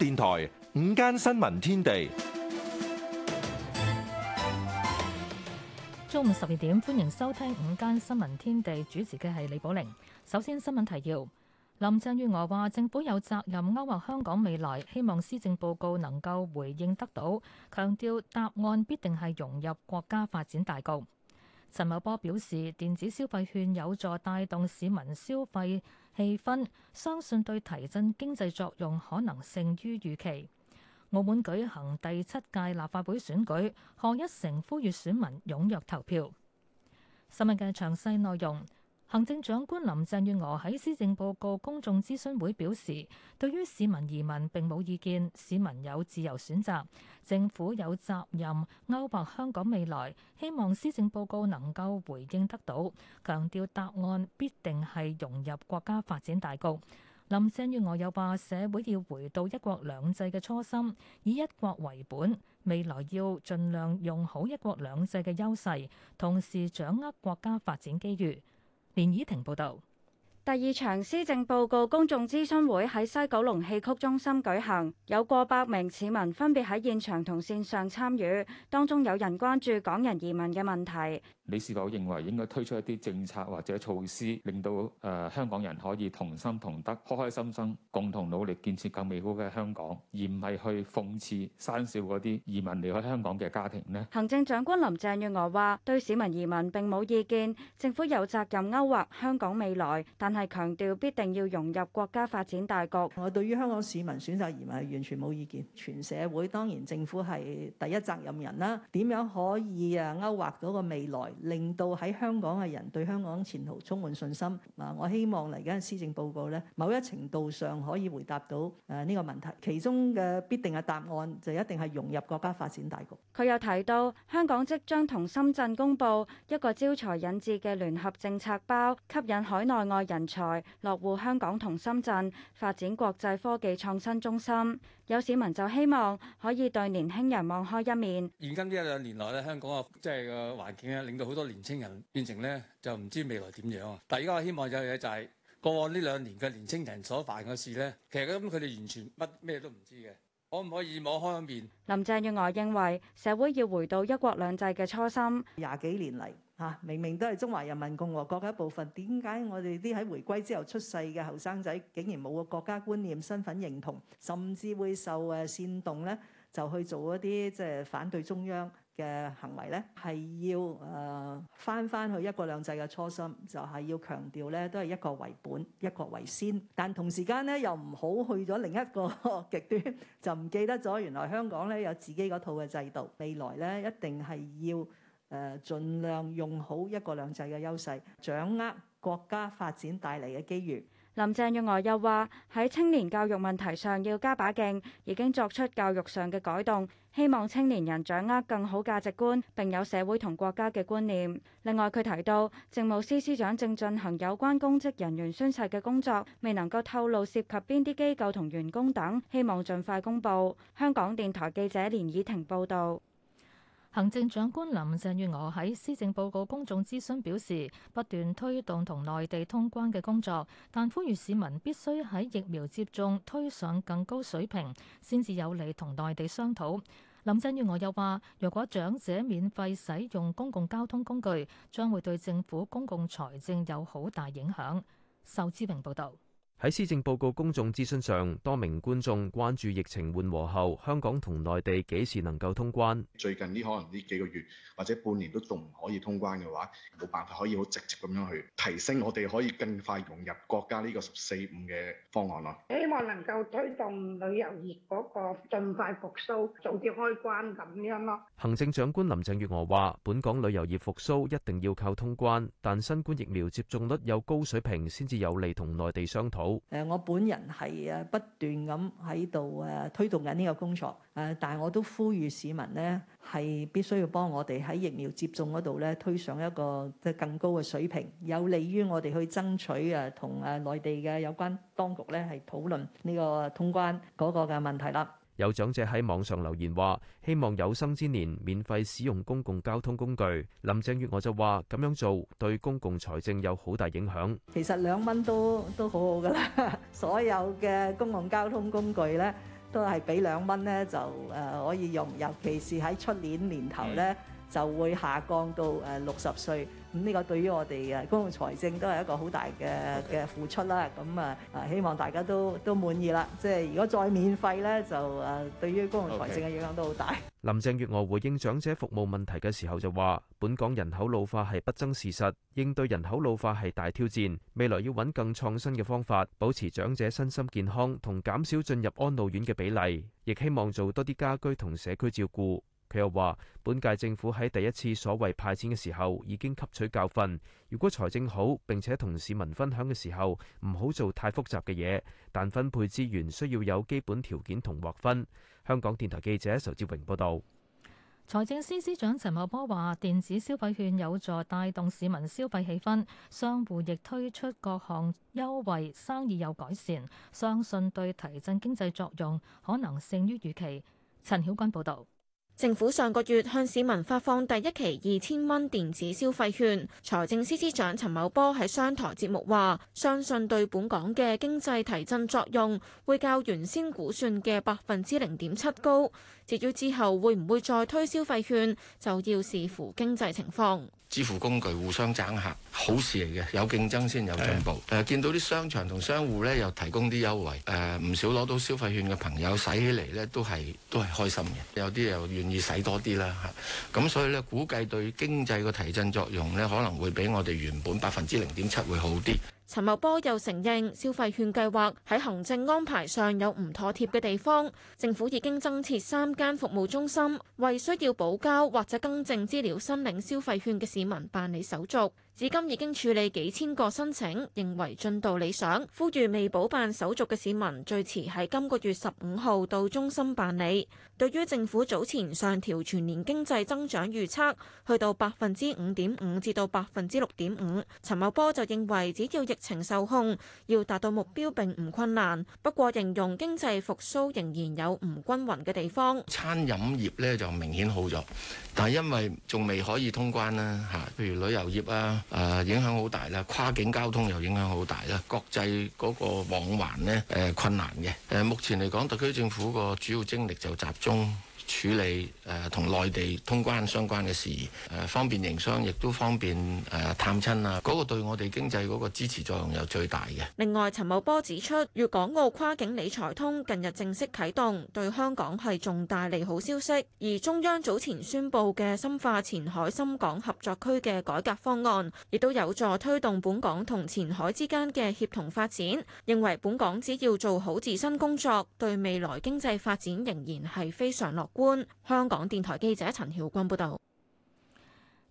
電台午間新聞天地，中午十二點，歡迎收聽午間新聞天地，主持嘅係李寶玲。首先新聞提要：林鄭月娥話政府有責任勾劃香港未來，希望施政報告能夠回應得到，強調答案必定係融入國家發展大局。陳茂波表示，電子消費券有助帶動市民消費。氣氛相信對提振經濟作用可能勝於預期。澳門舉行第七屆立法會選舉，賀一誠呼籲選民踴躍投票。新聞嘅詳細內容。行政長官林鄭月娥喺施政報告公眾諮詢會表示，對於市民移民並冇意見，市民有自由選擇，政府有責任勾畫香港未來。希望施政報告能夠回應得到，強調答案必定係融入國家發展大局。林鄭月娥又話：社會要回到一國兩制嘅初心，以一國為本，未來要盡量用好一國兩制嘅優勢，同時掌握國家發展機遇。連綺婷報道，第二場施政報告公眾諮詢會喺西九龍戲曲中心舉行，有過百名市民分別喺現場同線上參與，當中有人關注港人移民嘅問題。你是否認為應該推出一啲政策或者措施，令到誒、呃、香港人可以同心同德、開開心心，共同努力建設更美好嘅香港，而唔係去諷刺、訕笑嗰啲移民離開香港嘅家庭呢？行政長官林鄭月娥話：對市民移民並冇意見，政府有責任勾畫香港未來，但係強調必定要融入國家發展大局。我對於香港市民選擇移民係完全冇意見，全社會當然政府係第一責任人啦。點樣可以啊勾畫嗰個未來？令到喺香港嘅人對香港前途充滿信心。啊，我希望嚟緊施政報告咧，某一程度上可以回答到誒呢個問題，其中嘅必定嘅答案就一定係融入國家發展大局。佢又提到，香港即將同深圳公布一個招才引智嘅聯合政策包，吸引海內外人才落戶香港同深圳，發展國際科技創新中心。有市民就希望可以對年輕人望開一面。現今呢一兩年來咧，香港嘅即係個環境咧，令到好多年青人變成咧就唔知未來點樣啊！但係而家我希望有嘢就係過往呢兩年嘅年青人所犯嘅事咧，其實咁佢哋完全乜咩都唔知嘅。可唔可以網開一面？林鄭月娥認為社會要回到一國兩制嘅初心。廿幾年嚟嚇，明明都係中華人民共和國嘅一部分，點解我哋啲喺回歸之後出世嘅後生仔竟然冇個國家觀念、身份認同，甚至會受誒煽動咧，就去做一啲即係反對中央嘅行為咧，係要誒返返去一國兩制嘅初心，就係、是、要強調咧，都係一國為本，一國為先。但同時間咧，又唔好去咗另一個極端， 就唔記得咗原來香港咧有自己嗰套嘅制度。未來咧，一定係要誒、呃、盡量用好一國兩制嘅優勢，掌握國家發展帶嚟嘅機遇。林鄭月娥又話喺青年教育問題上要加把勁，已經作出教育上嘅改動，希望青年人掌握更好價值觀，並有社會同國家嘅觀念。另外，佢提到政務司司長正進行有關公職人員宣誓嘅工作，未能夠透露涉及邊啲機構同員工等，希望盡快公布。香港電台記者連以婷報道。行政長官林鄭月娥喺施政報告公眾諮詢表示，不斷推動同內地通關嘅工作，但呼籲市民必須喺疫苗接種推上更高水平，先至有利同內地商討。林鄭月娥又話，若果長者免費使用公共交通工具，將會對政府公共財政有好大影響。受之明報導。喺施政報告公眾諮詢上，多名觀眾關注疫情緩和後，香港同內地幾時能夠通關？最近呢，可能呢幾個月或者半年都仲唔可以通關嘅話，冇辦法可以好直接咁樣去提升我哋可以更快融入國家呢個十四五嘅方案咯。希望能夠推動旅遊業嗰個盡快復甦，早啲開關咁樣咯。行政長官林鄭月娥話：本港旅遊業復甦一定要靠通關，但新冠疫苗接種率有高水平先至有利同內地商討。誒，我本人係誒不斷咁喺度誒推動緊呢個工作誒，但係我都呼籲市民呢係必須要幫我哋喺疫苗接種嗰度咧推上一個即係更高嘅水平，有利於我哋去爭取誒同誒內地嘅有關當局咧係討論呢個通關嗰個嘅問題啦。有長者喺網上留言話，希望有生之年免費使用公共交通工具。林鄭月娥就話：咁樣做對公共財政有好大影響。其實兩蚊都都好好㗎啦，所有嘅公共交通工具呢都係俾兩蚊呢就誒可以用，尤其是喺出年年頭呢。就會下降到誒六十歲，咁呢個對於我哋誒公共財政都係一個好大嘅嘅付出啦。咁啊，希望大家都都滿意啦。即係如果再免費咧，就誒對於公共財政嘅影響都好大。Okay. 林鄭月娥回應長者服務問題嘅時候就話：本港人口老化係不爭事實，應對人口老化係大挑戰。未來要揾更創新嘅方法，保持長者身心健康同減少進入安老院嘅比例，亦希望做多啲家居同社區照顧。佢又話，本屆政府喺第一次所謂派錢嘅時候已經吸取教訓，如果財政好並且同市民分享嘅時候，唔好做太複雜嘅嘢，但分配資源需要有基本條件同劃分。香港電台記者仇志榮報導。財政司司長陳茂波話，電子消費券有助帶動市民消費氣氛，商戶亦推出各項優惠，生意有改善，相信對提振經濟作用可能勝於預期。陳曉君報導。政府上個月向市民發放第一期二千蚊電子消費券，財政司司長陳茂波喺商台節目話：相信對本港嘅經濟提振作用會較原先估算嘅百分之零點七高。至於之後會唔會再推消費券，就要視乎經濟情況。支付工具互相爭客，好事嚟嘅，有競爭先有進步。誒的、呃，見到啲商場同商戶呢，又提供啲優惠，誒、呃，唔少攞到消費券嘅朋友使起嚟呢都係都係開心嘅，有啲又願。要使多啲啦，嚇咁所以咧，估計對經濟個提振作用咧，可能會比我哋原本百分之零點七會好啲。陳茂波又承認消費券計劃喺行政安排上有唔妥貼嘅地方，政府已經增設三間服務中心，為需要補交或者更正資料申領消費券嘅市民辦理手續。至今已經處理幾千個申請，認為進度理想，呼籲未補辦手續嘅市民最遲喺今個月十五號到中心辦理。對於政府早前上調全年經濟增長預測，去到百分之五點五至到百分之六點五，陳茂波就認為只要疫情受控，要達到目標並唔困難。不過形容經濟復甦仍然有唔均勻嘅地方，餐飲業咧就明顯好咗，但係因為仲未可以通關啦嚇，譬如旅遊業啊。誒影響好大啦，跨境交通又影響好大啦，國際嗰個往環咧，呃，困難嘅。呃，目前嚟講，特區政府個主要精力就集中。處理誒同內地通關相關嘅事宜，誒方便營商，亦都方便誒探親啊，嗰個對我哋經濟嗰個支持作用又最大嘅。另外，陳茂波指出，粵港澳跨境理財通近日正式啟動，對香港係重大利好消息。而中央早前宣布嘅深化前海深港合作區嘅改革方案，亦都有助推動本港同前海之間嘅協同發展。認為本港只要做好自身工作，對未來經濟發展仍然係非常樂觀。香港電台記者陳曉君報道，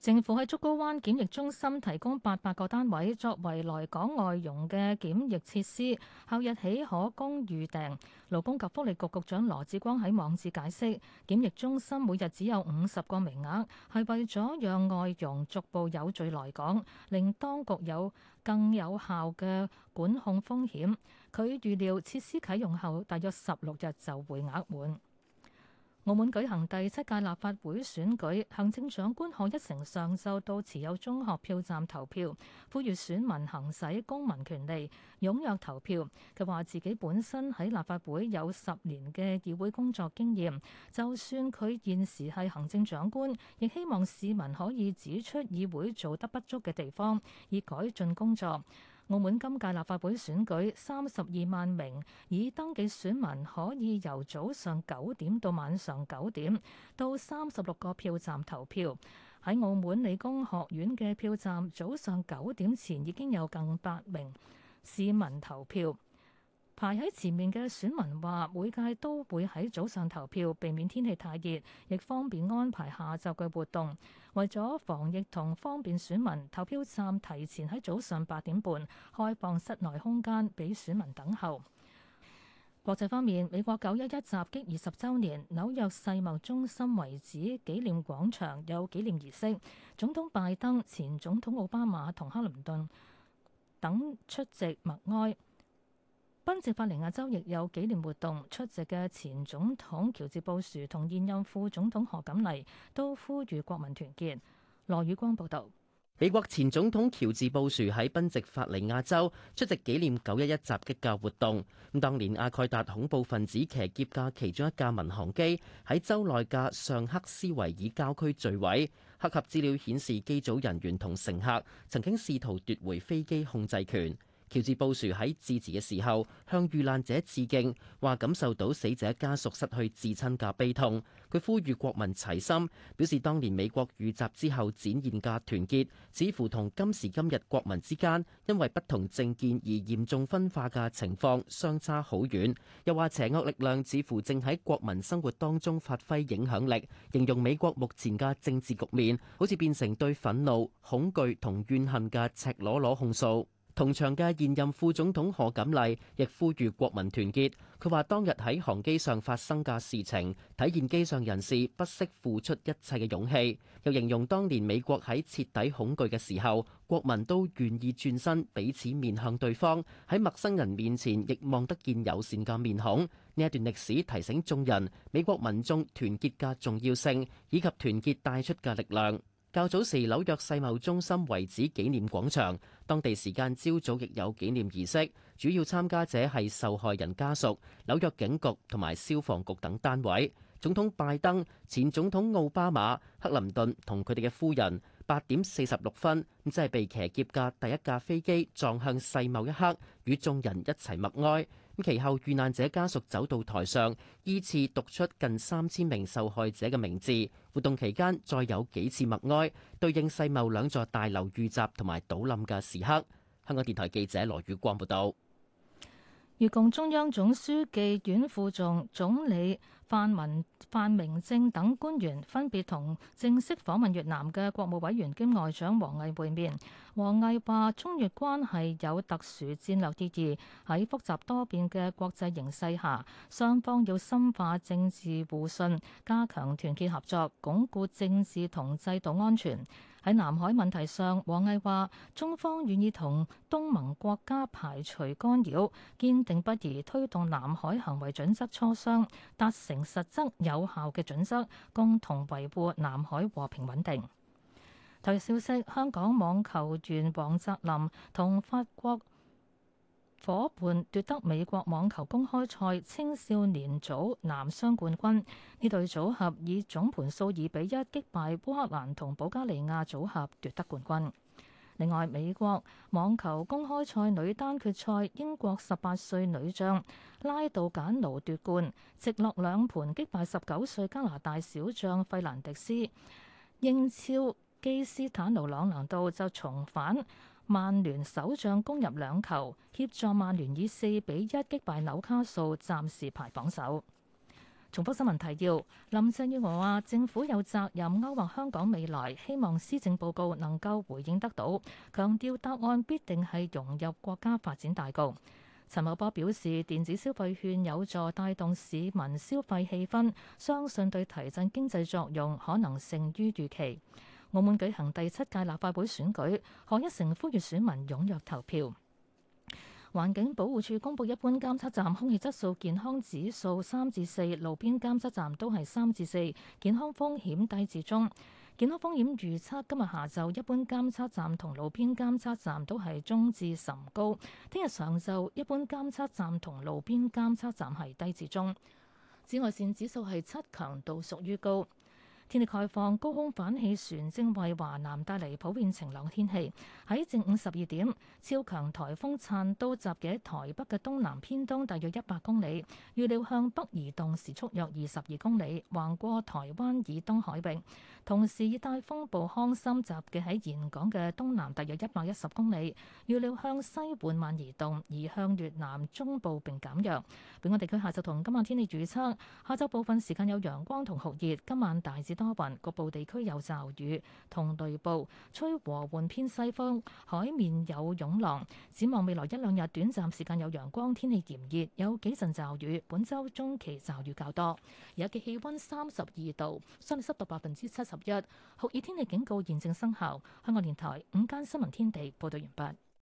政府喺竹篙灣檢疫中心提供八百個單位作為來港外傭嘅檢疫設施，後日起可供預訂。勞工及福利局局長羅致光喺網誌解釋，檢疫中心每日只有五十個名額，係為咗讓外傭逐步有序來港，令當局有更有效嘅管控風險。佢預料設施啟用後，大約十六日就會額滿。澳門舉行第七屆立法會選舉，行政長官賀一誠上晝到持有中學票站投票，呼籲選民行使公民權利，踴躍投票。佢話自己本身喺立法會有十年嘅議會工作經驗，就算佢現時係行政長官，亦希望市民可以指出議會做得不足嘅地方，以改進工作。澳門今屆立法會選舉，三十二萬名已登記選民可以由早上九點到晚上九點，到三十六個票站投票。喺澳門理工學院嘅票站，早上九點前已經有近百名市民投票。排喺前面嘅選民話：每屆都會喺早上投票，避免天氣太熱，亦方便安排下晝嘅活動。為咗防疫同方便選民，投票站提前喺早上八點半開放室內空間俾選民等候。國際方面，美國九一一襲擊二十週年，紐約世貿中心遺址紀念廣場有紀念儀式，總統拜登、前總統奧巴馬同克林頓等出席默哀。賓夕法尼亞州亦有紀念活動，出席嘅前總統喬治布殊同現任副總統賀錦麗都呼籲國民團結。羅宇光報道，美國前總統喬治布殊喺賓夕法尼亞州出席紀念九一一襲擊嘅活動。咁當年阿蓋達恐怖分子騎劫架，架其中一架民航機喺州內架尚克斯維爾郊區墜毀。黑盒資料顯示，機組人員同乘客曾經試圖奪回飛機控制權。喬治布殊喺致辭嘅時候向遇難者致敬，話感受到死者家屬失去至親嘅悲痛。佢呼籲國民齊心，表示當年美國遇襲之後展現嘅團結，似乎同今時今日國民之間因為不同政見而嚴重分化嘅情況相差好遠。又話邪惡力量似乎正喺國民生活當中發揮影響力，形容美國目前嘅政治局面好似變成對憤怒、恐懼同怨恨嘅赤裸裸控訴。同場嘅現任副總統何錦麗亦呼籲國民團結。佢話當日喺航機上發生嘅事情，體現機上人士不惜付出一切嘅勇氣。又形容當年美國喺徹底恐懼嘅時候，國民都願意轉身彼此面向對方，喺陌生人面前亦望得見友善嘅面孔。呢一段歷史提醒眾人，美國民眾團結嘅重要性，以及團結帶出嘅力量。較早時，紐約世貿中心遺址紀念廣場，當地時間朝早亦有紀念儀式，主要參加者係受害人家屬、紐約警局同埋消防局等單位。總統拜登、前總統奧巴馬、克林頓同佢哋嘅夫人，八點四十六分，咁即係被騎劫嘅第一架飛機撞向世貿一刻，與眾人一齊默哀。咁其後遇難者家屬走到台上，依次讀出近三千名受害者嘅名字。活動期間再有幾次默哀，對應世貿兩座大樓遇襲同埋倒冧嘅時刻。香港電台記者羅宇光報道。越共中央總書記、阮富仲、總理范文范明政等官員分別同正式訪問越南嘅國務委員兼外長王毅會面。王毅話：中越關係有特殊戰略意義，喺複雜多變嘅國際形勢下，雙方要深化政治互信，加強團結合作，鞏固政治同制度安全。喺南海問題上，王毅話中方願意同東盟國家排除干擾，堅定不移推動南海行為準則磋商，達成實質有效嘅準則，共同維護南海和平穩定。頭消息，香港網球員王澤林同法國。伙伴奪得美國網球公開賽青少年組男雙冠軍，呢對組合以總盤數二比一擊敗烏克蘭同保加利亞組合奪得冠軍。另外，美國網球公開賽女單決賽，英國十八歲女將拉杜簡奴奪冠，直落兩盤擊敗十九歲加拿大小將費蘭迪斯。英超基斯坦奴朗拿度就重返。曼聯首將攻入兩球，協助曼聯以四比一擊敗紐卡素，暫時排榜首。重複新聞提要：林鄭月娥話政府有責任勾畫香港未來，希望施政報告能夠回應得到，強調答案必定係融入國家發展大局。陳茂波表示，電子消費券有助帶動市民消費氣氛，相信對提振經濟作用可能勝於預期。澳門舉行第七屆立法會選舉，賀一誠呼籲選民踊躍投票。環境保護署公布一般監測站空氣質素健康指數三至四，路邊監測站都係三至四，健康風險低至中。健康風險預測今日下晝一般監測站同路邊監測站都係中至甚高，聽日上晝一般監測站同路邊監測站係低至中，紫外線指數係七強，強度屬於高。天氣概況，高空反氣旋正為華南帶嚟普遍晴朗天氣。喺正午十二點，超強颱風燦都集結喺台北嘅東南偏東大約一百公里，預料向北移動時速約二十二公里，橫過台灣以東海域。同時，熱帶風暴康森集結喺峴港嘅東南大約一百一十公里，預料向西緩慢移動，移向越南中部並減弱。本港地區下晝同今晚天氣預測：下晝部分時間有陽光同酷熱，今晚大致多雲，局部地區有驟雨同雷暴，吹和緩偏西風，海面有湧浪。展望未來一兩日，短暫時間有陽光，天氣炎熱，有幾陣驟雨。本周中期驟雨較多，有嘅氣溫三十二度，相對濕度百分之七十一，酷熱天氣警告現正生效。香港電台午間新聞天地報道完畢。